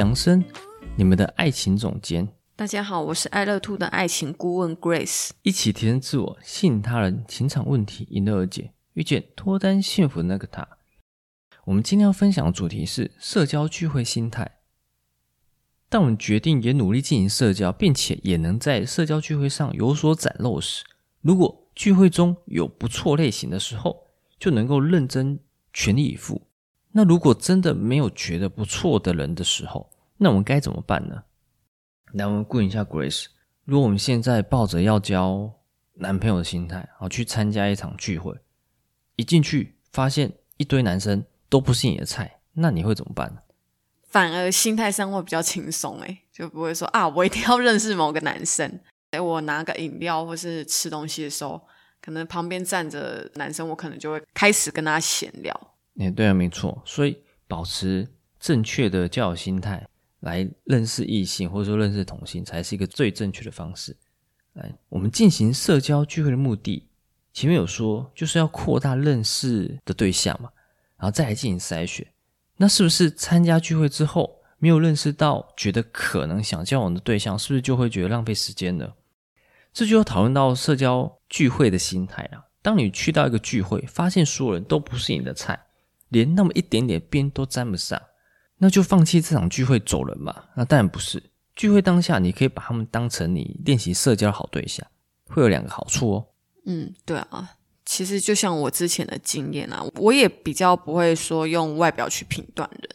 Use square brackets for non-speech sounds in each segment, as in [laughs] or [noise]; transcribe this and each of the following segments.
Sam，你們的愛情總監。大家好，我是愛樂 Two 的愛情顧問 Grace。一起提升自我，吸引他人，情場問題迎刃而解，遇見脫單幸福的那個他。我們今天要分享的主題是社交聚會心態。當我們決定也努力進行社交，並且也能在社交聚會上有所展露時，如果聚會中有不錯類型的時候，就能夠認真全力以赴。那如果真的沒有覺得不錯的人的時候，那我們該怎麼辦呢？來，我們 cue 一下 Grace，如果我們現在抱着要交男朋友的心態，好，去參加一場聚會，一進去發現一堆男生都不是你的菜，那你會怎麼辦呢？反而心態上會比較輕鬆，哎，就不會說啊，我一定要認識某個男生。誒我拿個飲料或是吃東西的時候，可能旁邊站着男生，我可能就會開始跟他閒聊。哎、欸，對啊，沒錯，所以保持正確的交友心態來認識異性或者說，認識同性才是一個最正確的方式。哎，我們進行社交聚會的目的，前面有說就是要擴大認識的對象嘛，然後再來進行篩選。那是不是參加聚會之後沒有認識到覺得可能想交往的對象，是不是就會覺得浪費時間呢？這就要討論到社交聚會的心態啊，當你去到一個聚會，發現所有人都不是你的菜。連那麼一點點邊都沾不上，那就放棄這場聚會走人吧？那當然不是，聚會當下你可以把他們當成你練習社交好對象，會有兩個好處哦。嗯，對啊，其實就像我之前的經驗啊，我也比較不會說用外表去評斷人。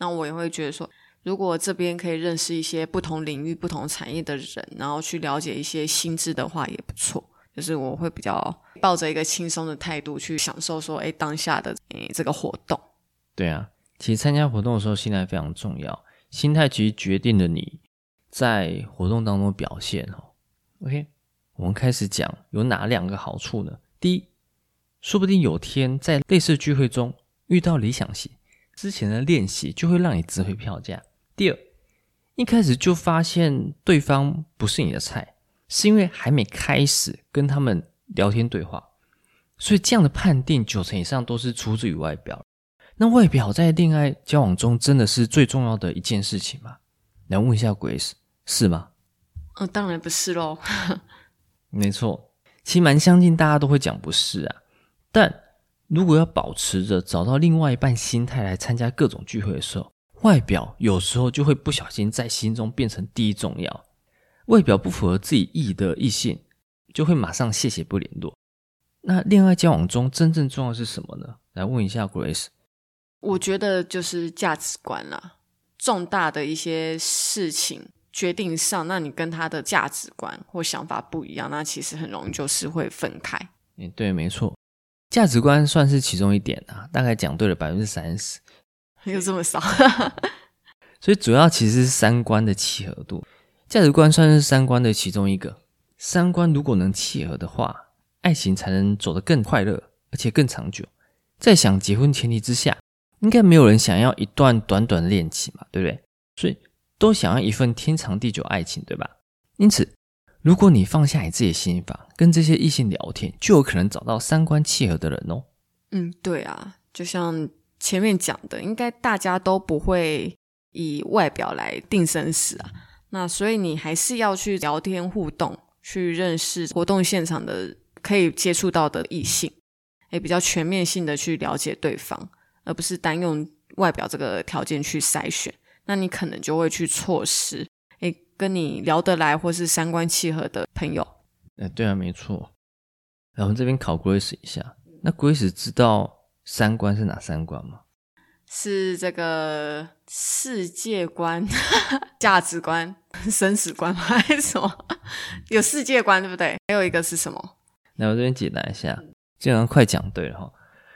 那我也會覺得說，如果這邊可以認識一些不同領域、不同產業的人，然後去了解一些心智的話，也不錯。就是我會比較抱着一個輕鬆的態度去享受說，哎，當下的。你這個活動，對啊，其實參加活動的時候，心態非常重要。心態其實決定了你在活動當中表現哦。OK，我們開始講有哪兩個好處呢？第一，說不定有天在類似聚會中遇到理想型，之前的練習就會讓你值回票價。第二，一開始就發現對方不是你的菜，是因為還沒開始跟他們聊天對話。所以這樣的判定，九成以上都是出自於外表。那外表在戀愛交往中真的是最重要的一件事情嗎？來問一下 Grace，是嗎？呃、哦，當然不是嘍。 [laughs] 沒錯，其實蠻相信大家都會講不是啊。但如果要保持着找到另外一半心態來參加各種聚會的時候，外表有時候就會不小心在心中變成第一重要。外表不符合自己意的異性，就會馬上謝謝不聯絡。那戀愛交往中真正重要是什麼呢？來問一下 Grace。我覺得就是價值觀啦。重大的一些事情決定上，那你跟他的價值觀或想法不一樣，那其實很容易就是會分開。嗯、欸，對，沒錯，價值觀算是其中一點啊，大概講對了百分之三十，有這麼少， [laughs] 所以主要其實是三觀的契合度，價值觀算是三觀的其中一個。三觀如果能契合的話。愛情才能走得更快樂，而且更長久。在想結婚前提之下，應該沒有人想要一段短短的戀情嘛，對不對？所以都想要一份天長地久愛情，對吧？因此，如果你放下你自己心法，跟這些異性聊天，就有可能找到三觀契合的人哦。嗯，對啊，就像前面講的，應該大家都不會以外表來定生死啊。那所以你還是要去聊天互動，去認識活動現場的。可以接觸到的異性，也、欸、比較全面性的去了解對方，而不是單用外表這個條件去篩選。那你可能就會去錯失、欸，跟你聊得來或是三觀契合的朋友。欸、對啊，沒錯。來，我們這邊考 Grace 一下，那 Grace 知道三觀是哪三觀嗎？是這個世界觀、價 [laughs] 值觀、生死觀還是什麼？有世界觀對不對？還有一個是什麼？那我這邊解答一下，基本上快講對了哈。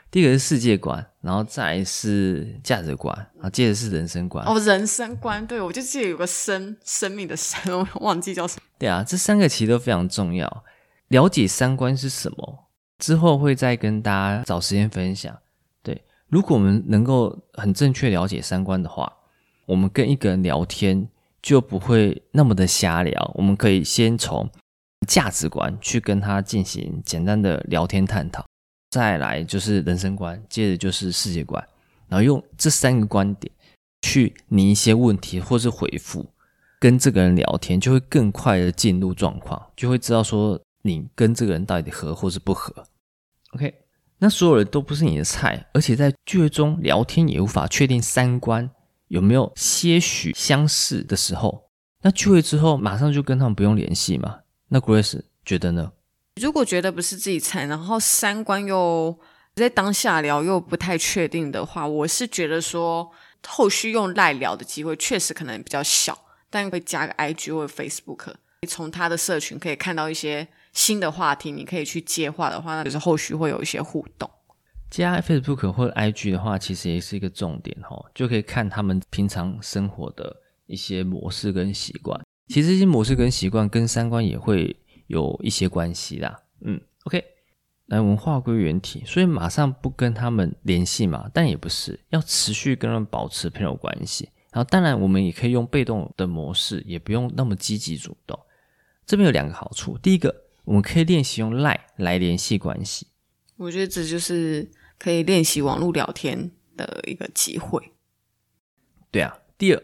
第一個是世界觀，然後再來是價值觀，然後接着是人生觀。哦，人生觀，對，我就記得有個生，生命的生，我忘記叫什麼。對啊，這三個其實都非常重要。了解三觀是什麼之後，會再跟大家找時間分享。對，如果我們能夠很正確了解三觀的話，我們跟一個人聊天就不會那麼的瞎聊。我們可以先從。價值觀去跟他進行簡單的聊天探討，再來就是人生觀，接着就是世界觀，然後用這三個觀點去擬一些問題或是回覆，跟這個人聊天就會更快的進入狀況，就會知道說你跟這個人到底合或是不合。OK，那所有人都不是你的菜，而且在聚會中聊天也無法確定三觀有沒有些許相似的時候，那聚會之後馬上就跟他們不用聯繫嘛。那 Grace 覺得呢？如果覺得不是自己菜，然後三觀又在當下聊又不太確定的話，我是覺得說後續用賴聊的機會確實可能比較小，但會加個 IG 或 Facebook，你從他的社群可以看到一些新的話題，你可以去接話的話，那就是後續會有一些互動。加 Facebook 或者 IG 的話，其實也是一個重點哈、哦，就可以看他們平常生活的一些模式跟習慣。其實這些模式跟習慣、跟三觀也會有一些關係啦、啊嗯。嗯，OK，來，我們話歸原題，所以馬上不跟他們聯繫嘛？但也不是，要持續跟他們保持朋友關係。然後，當然我們也可以用被動的模式，也不用那麼積極主動。這邊有兩個好處，第一個，我們可以練習用 LINE 來聯繫關係。我覺得這就是可以練習網絡聊天的一個機會。對啊，第二。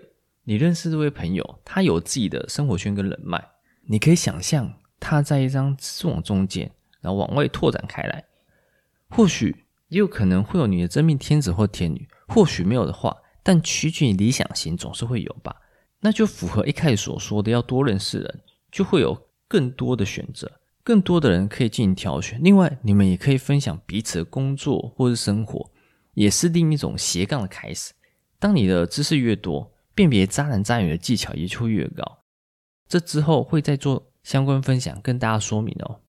你認識這位朋友，他有自己的生活圈跟人脈，你可以想象他在一張蛛網中間，然後往外拓展開來，或許也有可能會有你的真命天子或天女，或許沒有的話，但取決於理想型，總是會有吧。那就符合一開始所說的，要多認識人，就會有更多的選擇，更多的人可以進行挑選。另外，你們也可以分享彼此的工作或是生活，也是另一種斜槓的開始。當你的知識越多，辨別渣男渣女的技巧也就越高。這之後會再做相關分享，跟大家說明哦。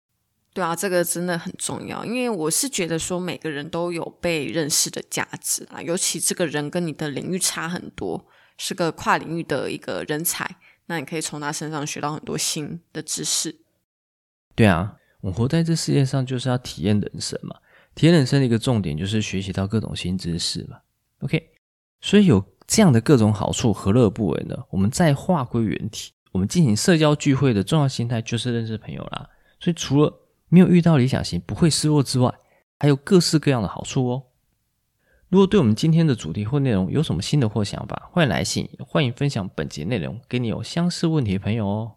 對啊，這個真的很重要，因為我是覺得說每個人都有被認識的價值啊，尤其這個人跟你的領域差很多，是個跨領域的一個人才，那你可以從他身上學到很多新的知識。對啊，我活在這世界上就是要體驗人生嘛，體驗人生的一個重點就是學習到各種新知識嘛。OK，所以有。這樣的各種好處何樂不為呢？我們再話歸原題，我們進行社交聚會的重要心態就是認識朋友啦。所以除了沒有遇到理想型不會失落之外，還有各式各樣的好處哦。如果對我們今天的主題或內容有什麼新的或想法，歡迎來信，歡迎分享本節內容給你有相似問題的朋友哦。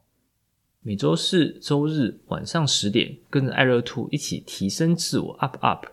每周四、周日晚上十點，跟着愛樂 Two 一起提升自我，up up。